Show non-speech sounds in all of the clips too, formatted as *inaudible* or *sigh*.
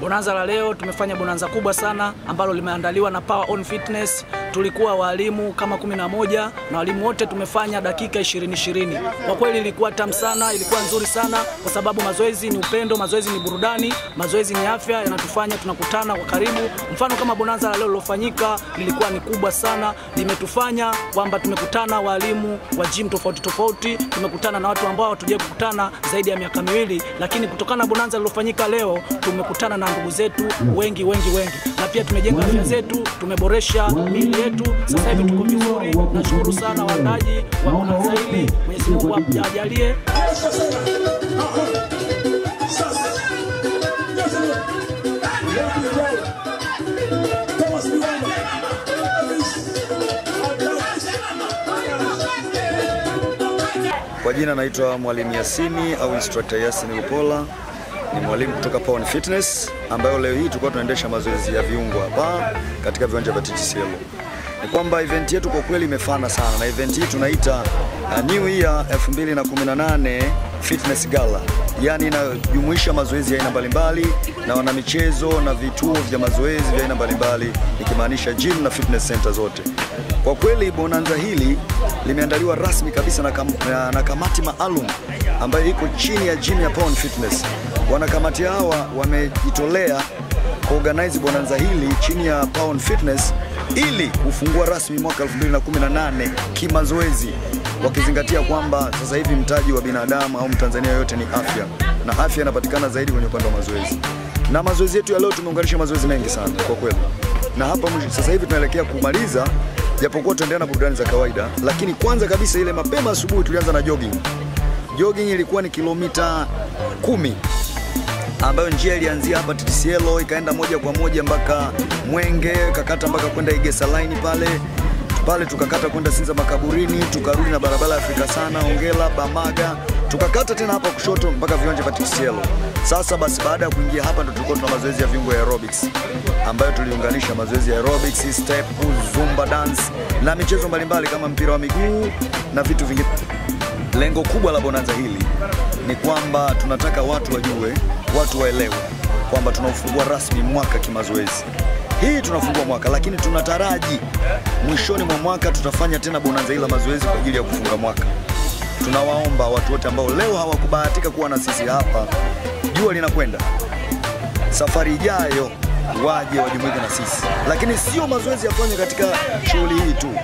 Bonanza la leo tumefanya bonanza kubwa sana ambalo limeandaliwa na Power On Fitness tulikuwa walimu kama kumi na moja na walimu wote tumefanya dakika ishirini ishirini. Kwa kweli ilikuwa tamu sana, ilikuwa nzuri sana, kwa sababu mazoezi ni upendo, mazoezi ni burudani, mazoezi ni afya, yanatufanya tunakutana kwa karibu. Mfano kama bonanza la leo lilofanyika lilikuwa ni kubwa sana, limetufanya kwamba tumekutana walimu wa gym tofauti tofauti, tumekutana na watu ambao hatujawahi kukutana zaidi ya miaka miwili, lakini kutokana na bonanza lilofanyika leo tumekutana na ndugu zetu wengi wengi wengi na pia tumejenga afya zetu, tumeboresha mili yetu, sasa hivi tuko vizuri. Nashukuru sana wandaji wa bonanza hili, Mwenyezi Mungu Kwa jina naitwa Mwalimu Yasini au Instructor Yasini upola ni mwalimu kutoka Pawn Fitness ambayo leo hii tulikuwa tunaendesha mazoezi ya viungo hapa katika viwanja vya TTCL. Ni kwamba event yetu kwa kweli imefana sana na event hii tunaita New Year 2018 Fitness Gala, yani inajumuisha mazoezi ya aina mbalimbali na wanamichezo na vituo vya mazoezi vya aina mbalimbali ikimaanisha gym na fitness center zote. Kwa kweli bonanza hili limeandaliwa rasmi kabisa na, kam, na, na kamati maalum ambayo iko chini ya gym ya Pound Fitness. Wanakamati hawa wamejitolea kuorganize bonanza hili chini ya Pound Fitness ili kufungua rasmi mwaka 2018 kimazoezi, wakizingatia kwamba sasa hivi mtaji wa binadamu au mtanzania yote ni afya, na afya inapatikana zaidi kwenye upande wa mazoezi. Na mazoezi yetu ya leo tumeunganisha mazoezi mengi sana kwa kweli, na hapa sasa hivi tunaelekea kumaliza japokuwa tuendelea na burudani za kawaida, lakini kwanza kabisa ile mapema asubuhi tulianza na jogging. Jogging ilikuwa ni kilomita kumi ambayo njia ilianzia hapa TTCL ikaenda moja kwa moja mpaka Mwenge, kakata mpaka kwenda Igesa line pale pale tukakata kwenda Sinza makaburini, tukarudi na barabara ya Afrika sana Ongela Bamaga, tukakata tena hapa kushoto mpaka viwanja vya TCL. Sasa basi, baada ya kuingia hapa ndo tulikuwa tuna mazoezi ya viungo ya aerobics ambayo tuliunganisha mazoezi ya aerobics, step, zumba dance na michezo mbalimbali kama mpira wa miguu na vitu vingine. Lengo kubwa la bonanza hili ni kwamba tunataka watu wajue, watu waelewe kwamba tunaufungua rasmi mwaka kimazoezi. Hii tunafungua mwaka, lakini tunataraji mwishoni mwa mwaka tutafanya tena bonanza ila la mazoezi kwa ajili ya kufunga mwaka. Tunawaomba watu wote ambao leo hawakubahatika kuwa na sisi hapa, jua linakwenda, safari ijayo waje wajumuike na sisi, lakini sio mazoezi yafanywe katika shughuli hii tu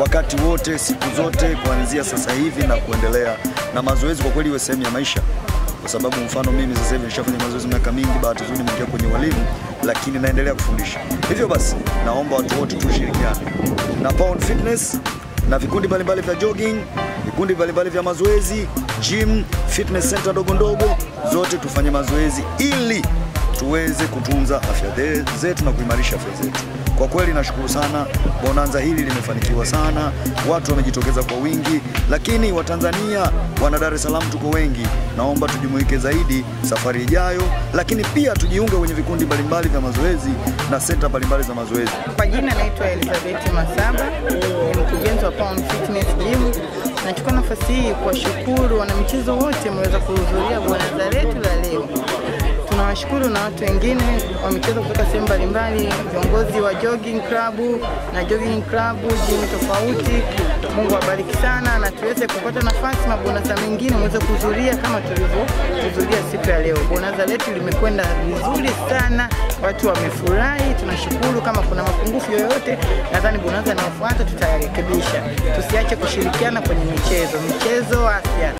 wakati wote, siku zote, kuanzia sasa hivi na kuendelea. Na mazoezi kwa kweli iwe sehemu ya maisha, kwa sababu mfano mimi sasa hivi nishafanya mazoezi miaka mingi, bahati nzuri nimeingia kwenye walimu, lakini naendelea kufundisha. Hivyo basi, naomba watu wote tushirikiane na Pound Fitness na vikundi mbalimbali vya jogging, vikundi mbalimbali vya mazoezi, gym, fitness center ndogo ndogo, zote tufanye mazoezi ili tuweze kutunza afya zetu na kuimarisha afya zetu. Kwa kweli nashukuru sana, bonanza hili limefanikiwa sana, watu wamejitokeza kwa wingi, lakini Watanzania wana Dar es Salaam tuko wengi, naomba tujumuike zaidi safari ijayo, lakini pia tujiunge kwenye vikundi mbalimbali vya mazoezi na senta mbalimbali za mazoezi. Kwa jina naitwa Elizabeth Masaba, ni mkurugenzi wa Pound Fitness Gym. Nachukua nafasi hii kuwashukuru wanamichezo wote mliweza kuhudhuria bonanza letu la leo nawashukuru na watu wengine wa michezo kutoka sehemu mbalimbali, viongozi wa jogging club na jogging club jimu tofauti. Mungu awabariki sana, na tuweze kupata nafasi mabonanza mengine muweze kuhudhuria kama tulivyohudhuria siku ya leo. Bonanza letu limekwenda vizuri sana, watu wamefurahi, tunashukuru. Kama kuna mapungufu yoyote, nadhani bonanza inayofuata tutayarekebisha. Tusiache kushirikiana kwenye michezo, michezo afya.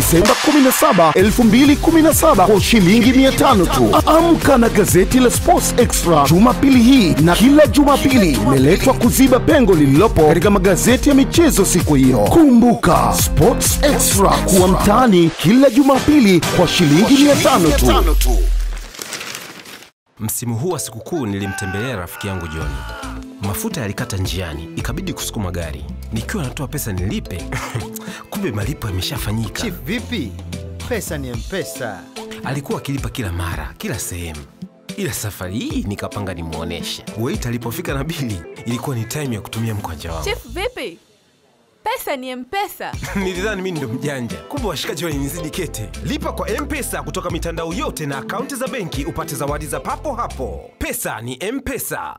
Disemba 17, 2017 kwa shilingi 500 tu. Amka na gazeti la Sports Extra Jumapili hii na kila Jumapili, imeletwa kuziba pengo lililopo katika magazeti ya michezo siku hiyo. Kumbuka Sports Extra kuwa mtaani kila Jumapili kwa shilingi 500 tu. Msimu huu wa sikukuu nilimtembelea rafiki yangu John. Mafuta yalikata njiani, ikabidi kusukuma gari nikiwa natoa pesa nilipe, *laughs* kumbe malipo yameshafanyika. Chief, vipi? Pesa ni mpesa. Alikuwa akilipa kila mara, kila sehemu, ila safari hii nikapanga nimwoneshe. weit alipofika na bili, ilikuwa ni taimu ya kutumia mkwanja wangu. Chief, vipi? pesa ni mpesa *laughs* nilidhani mimi ndo mjanja kumbe washikaji walinizidi kete lipa kwa mpesa kutoka mitandao yote na akaunti za benki upate zawadi za papo hapo pesa ni mpesa